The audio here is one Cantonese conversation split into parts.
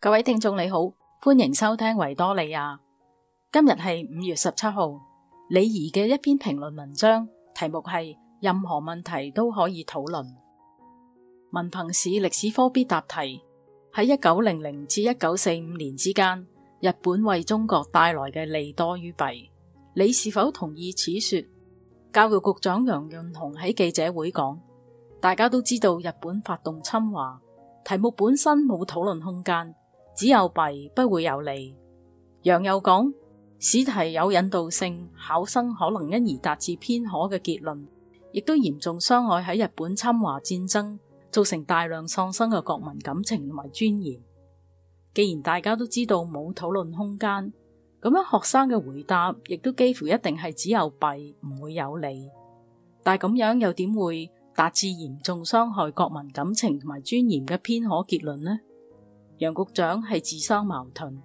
各位聽眾你好，歡迎收聽維多利亞。今日係五月十七號，李怡嘅一篇評論文章，題目係任何問題都可以討論。文憑試歷史科必答題，喺一九零零至一九四五年之間，日本為中國帶來嘅利多於弊，你是否同意此說？教育局長楊潤雄喺記者會講：大家都知道日本發動侵華，題目本身冇討論空間。只有弊，不會有利。楊又講，試題有引導性，考生可能因而達至偏頗嘅結論，亦都嚴重傷害喺日本侵華戰爭造成大量喪生嘅國民感情同埋尊嚴。既然大家都知道冇討論空間，咁樣學生嘅回答亦都幾乎一定係只有弊，唔會有利。但係咁樣又點會達至嚴重傷害國民感情同埋尊嚴嘅偏頗結論呢？楊局長係自相矛盾。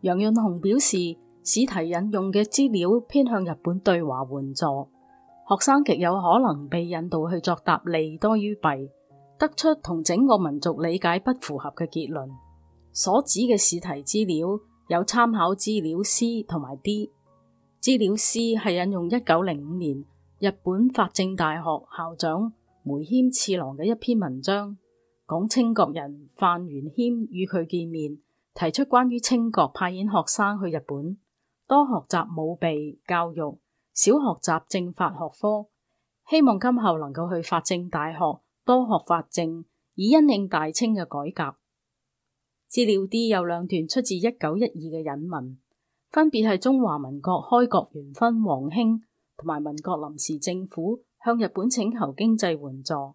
楊潤雄表示，試題引用嘅資料偏向日本對華援助，學生極有可能被引導去作答利多於弊，得出同整個民族理解不符合嘅結論。所指嘅試題資料有參考資料 C 同埋 D，資料 C 係引用一九零五年日本法政大學校長梅謙次郎嘅一篇文章。講清國人范元謙與佢見面，提出關於清國派遣學生去日本，多學習武備教育，少學習政法學科，希望今後能夠去法政大學多學法政，以因應大清嘅改革。資料 D 有兩段出自一九一二嘅引文，分別係中華民國開國元勳黃興同埋民國臨時政府向日本請求經濟援助。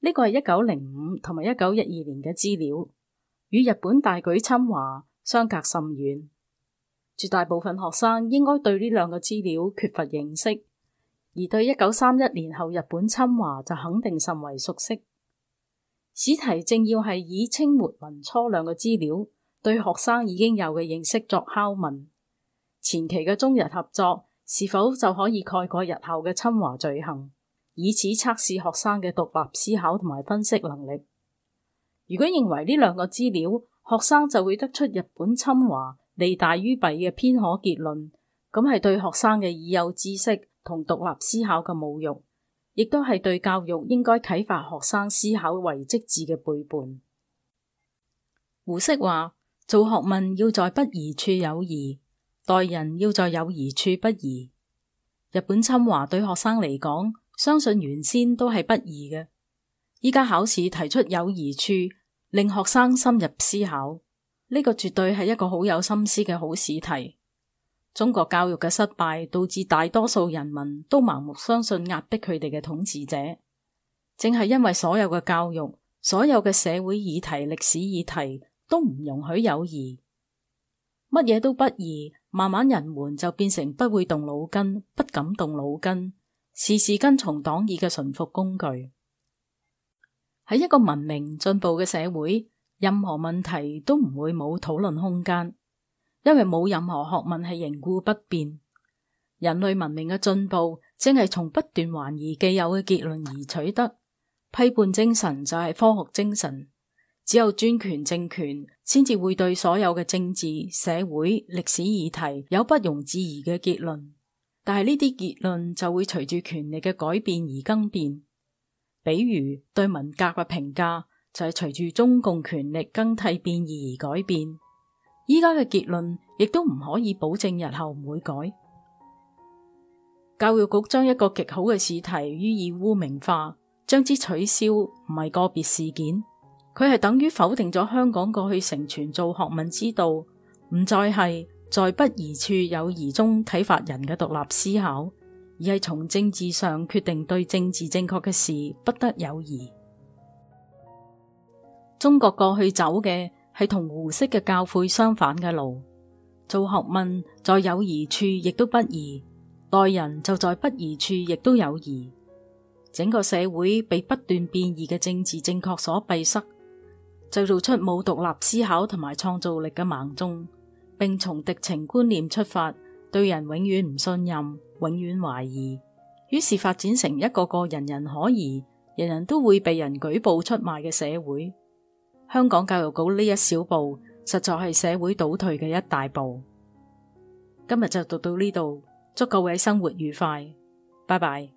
呢個係一九零五同埋一九一二年嘅資料，與日本大舉侵華相隔甚遠。絕大部分學生應該對呢兩個資料缺乏認識，而對一九三一年後日本侵華就肯定甚為熟悉。史題正要係以清末民初兩個資料，對學生已經有嘅認識作考問。前期嘅中日合作是否就可以蓋過日後嘅侵華罪行？以此測試學生嘅獨立思考同埋分析能力。如果認為呢兩個資料，學生就會得出日本侵華利大於弊嘅偏頗結論，咁係對學生嘅已有知識同獨立思考嘅侮辱，亦都係對教育應該啟發學生思考為職志嘅背叛。胡適話：做學問要在不疑處有疑，待人要在有疑處不疑。日本侵華對學生嚟講。相信原先都係不疑嘅，依家考試提出有疑處，令學生深入思考，呢、這個絕對係一個好有心思嘅好試題。中國教育嘅失敗，導致大多數人民都盲目相信壓迫佢哋嘅統治者，正係因為所有嘅教育、所有嘅社會議題、歷史議題都唔容許有疑，乜嘢都不疑，慢慢人們就變成不會動腦筋，不敢動腦筋事事跟從黨意嘅馴服工具，喺一個文明進步嘅社會，任何問題都唔會冇討論空間，因為冇任何學問係凝固不變。人類文明嘅進步正係從不斷懷疑既有嘅結論而取得。批判精神就係科學精神，只有專權政權先至會對所有嘅政治、社會、歷史議題有不容置疑嘅結論。但係呢啲結論就會隨住權力嘅改變而更變，比如對文革嘅評價就係隨住中共權力更替變而改變。依家嘅結論亦都唔可以保證日後唔會改。教育局將一個極好嘅試題予以污名化，將之取消唔係個別事件，佢係等於否定咗香港過去承傳做學問之道，唔再係。在不疑處有疑中啟發人嘅獨立思考，而係從政治上決定對政治正確嘅事不得有疑。中國過去走嘅係同胡適嘅教誨相反嘅路。做學問在有疑處亦都不疑，待人就在不疑處亦都有疑。整個社會被不斷變異嘅政治正確所閉塞，製造出冇獨立思考同埋創造力嘅盲眾。並從敵情觀念出發，對人永遠唔信任，永遠懷疑，於是發展成一個個人人可疑，人人都會被人舉報出賣嘅社會。香港教育局呢一小步，實在係社會倒退嘅一大步。今日就讀到呢度，祝各位生活愉快，拜拜。